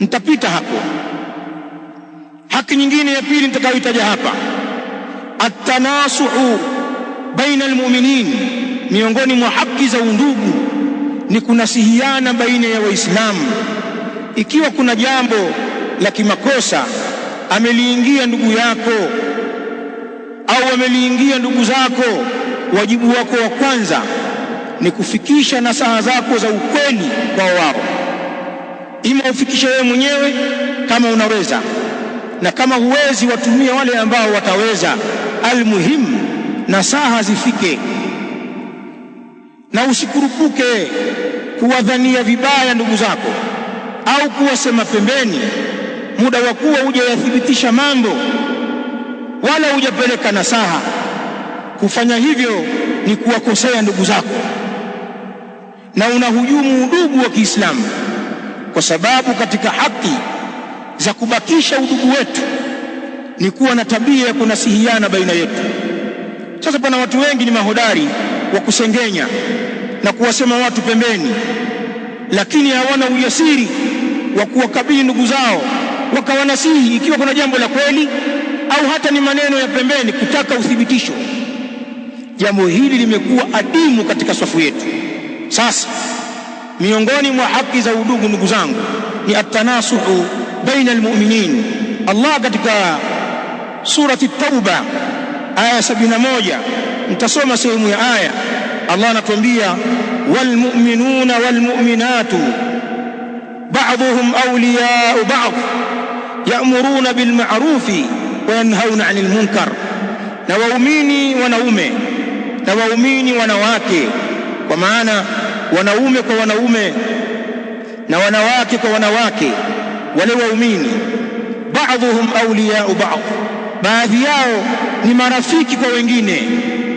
nitapita hapo. Haki nyingine ya pili nitakayoitaja hapa, atanasuhu baina almu'minin, miongoni mwa haki za undugu ni kunasihiana baina ya Waislamu. Ikiwa kuna jambo la kimakosa ameliingia ndugu yako au ameliingia ndugu zako, wajibu wako wa kwanza ni kufikisha nasaha zako za ukweli kwa wao ima ufikishe wewe mwenyewe kama unaweza, na kama huwezi, watumie wale ambao wataweza. Almuhimu, nasaha zifike, na usikurupuke kuwadhania vibaya ndugu zako au kuwasema pembeni. Muda wa kuwa hujayathibitisha mambo wala hujapeleka nasaha, kufanya hivyo ni kuwakosea ndugu zako na unahujumu udugu wa Kiislamu kwa sababu katika haki za kubakisha udugu wetu ni kuwa na tabia ya kunasihiana baina yetu. Sasa pana watu wengi ni mahodari wa kusengenya na kuwasema watu pembeni, lakini hawana ujasiri wa kuwakabili ndugu zao wakawanasihi, ikiwa kuna jambo la kweli au hata ni maneno ya pembeni, kutaka uthibitisho. Jambo hili limekuwa adimu katika safu yetu sasa miongoni mwa haki za udugu ndugu zangu ni atanasuhu baina almu'minin Allah katika surati Tauba aya 71 mtasoma sehemu ya aya Allah anatuambia walmu'minuna walmu'minatu ba'dhuhum awliya'u ba'd ya'muruna bilma'rufi wa yanhauna 'anil munkar na waumini wanaume na waumini wanawake kwa maana wanaume kwa wanaume na wanawake kwa wanawake, wale waumini. Baadhuhum awliyau baadh, baadhi yao ni marafiki kwa wengine.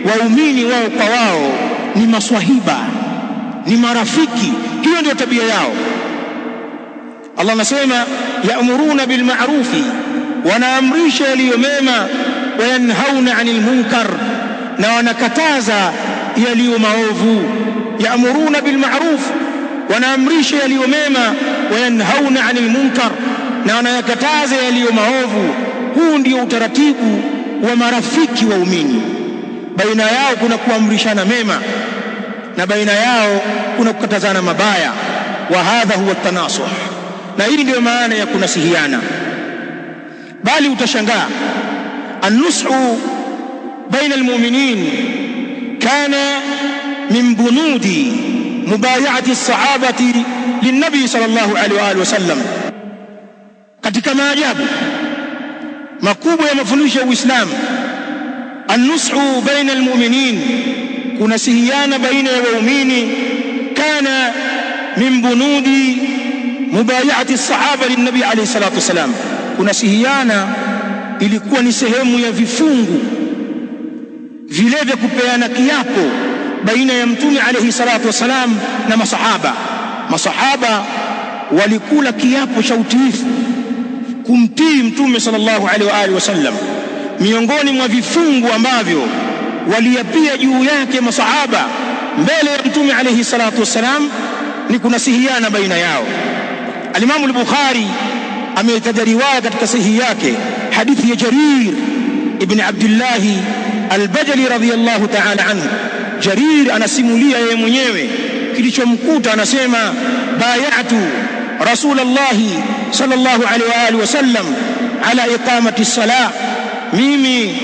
Waumini wao kwa wao ni maswahiba, ni marafiki. Hiyo ndio tabia yao. Allah anasema yaamuruna bilmarufi, wanaamrisha yaliyo mema, wayanhauna anil munkar, na wanakataza yaliyo maovu yaamuruna bilmaruf, wanaamrisha yaliyo mema, wayanhauna anil munkar, na wanayakataza yaliyo maovu. Huu ndio utaratibu wa marafiki waumini. Baina yao kuna kuamrishana mema na baina yao kuna kukatazana mabaya. Wa hadha huwa tanasuh, na hii ndiyo maana ya kunasihiana. Bali utashangaa annushu baina almu'minin kana min bunudi mubayati sahabati linabii sallallahu alaihi wa alihi wasallam. Katika maajabu makubwa ya mafundisho ya Uislamu, annushu baina almuminin, kunasihiana baina ya waumini. Kana min bunudi mubayati sahaba linabii alaihi salatu wassalam, kunasihiana ilikuwa ni sehemu ya vifungu vile vya kupeana kiapo baina ya mtume alayhi salatu wassalam na masahaba. Masahaba walikula kiapo cha utiifu kumtii mtume sallallahu alaihi wa alihi wasallam. Miongoni mwa vifungu ambavyo waliapia juu yake masahaba mbele ya mtume alayhi salatu wasalam ni kunasihiana baina yao. Alimamu al-Bukhari ameitaja riwaya katika sahihi yake hadithi ya Jarir ibn Abdillahi al-Bajali radhiyallahu ta'ala anhu Jarir anasimulia yeye mwenyewe kilichomkuta, anasema bayatu Rasulullah sallallahu alaihi wa alihi wasallam ala iqamati salah, mimi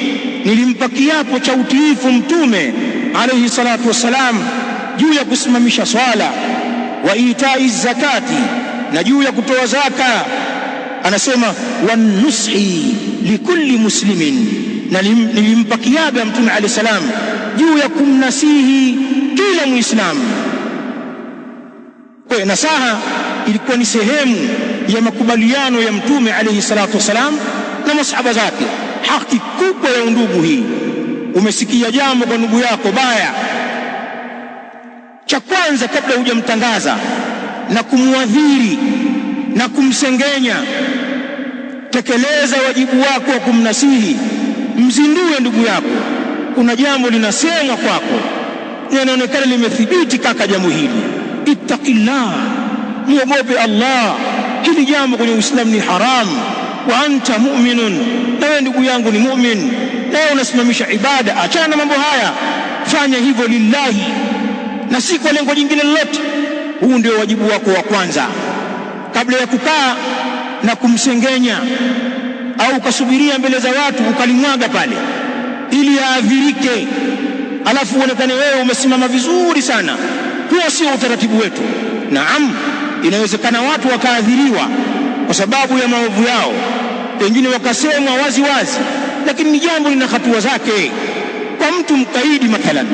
nilimpa kiapo cha utiifu Mtume alaihi salatu wassalam juu ya kusimamisha swala, wa itai zakati, na juu ya kutoa zaka. Anasema wanushi likulli muslimin, na nilimpa kiapo ya Mtume alaihi salam juu ya kumnasihi kila Muislamu. Kwa nasaha ilikuwa ni sehemu ya makubaliano ya Mtume alaihi salatu wassalam na masahaba zake. Haki kubwa ya undugu hii. Umesikia jambo kwa ndugu yako baya, cha kwanza kabla hujamtangaza na kumwadhiri na kumsengenya, tekeleza wajibu wako wa kumnasihi, mzindue ndugu yako kuna jambo linasemwa kwako, inaonekana limethibiti. Kaka, jambo hili ittaqillah, muogope Allah. Hili jambo kwenye Uislamu ni haramu. Wa anta mu'minun, na wewe ndugu yangu ni mu'min, na wewe unasimamisha ibada. Achana na mambo haya, fanya hivyo lillahi na si kwa lengo jingine lolote. Huu ndio wajibu wako wa kwanza, kabla ya kukaa na kumsengenya au ukasubiria mbele za watu ukalimwaga pale ili yaadhirike, alafu uonekane wewe umesimama vizuri sana. Huo sio utaratibu wetu. Naam, inawezekana watu wakaadhiriwa kwa sababu ya maovu yao, pengine wakasemwa wazi wazi, lakini ni jambo lina hatua zake. Kwa mtu mkaidi, mathalan,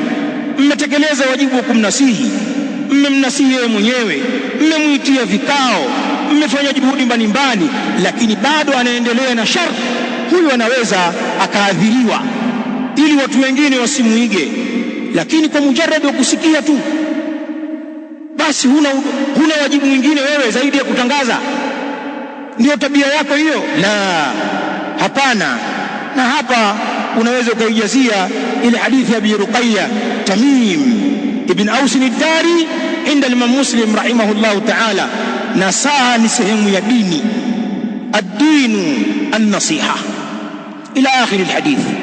mmetekeleza wajibu wa kumnasihi, mmemnasihi yeye mwenyewe, mmemwitia vikao, mmefanya juhudi mbalimbali, lakini bado anaendelea na shari, huyu anaweza akaadhiriwa ili watu wengine wasimuige. Lakini kwa mujaradi wa kusikia tu, basi huna, huna wajibu mwingine wewe zaidi ya kutangaza. Ndio tabia yako hiyo? La, hapana. Na hapa unaweza ukaijazia ile hadithi ya Abi Ruqayya Tamim ibn Aus ad-Dari inda Imam Muslim rahimahullahu ta'ala, na saa ni sehemu ya dini, ad-dinu an-nasiha ila akhiri al-hadith.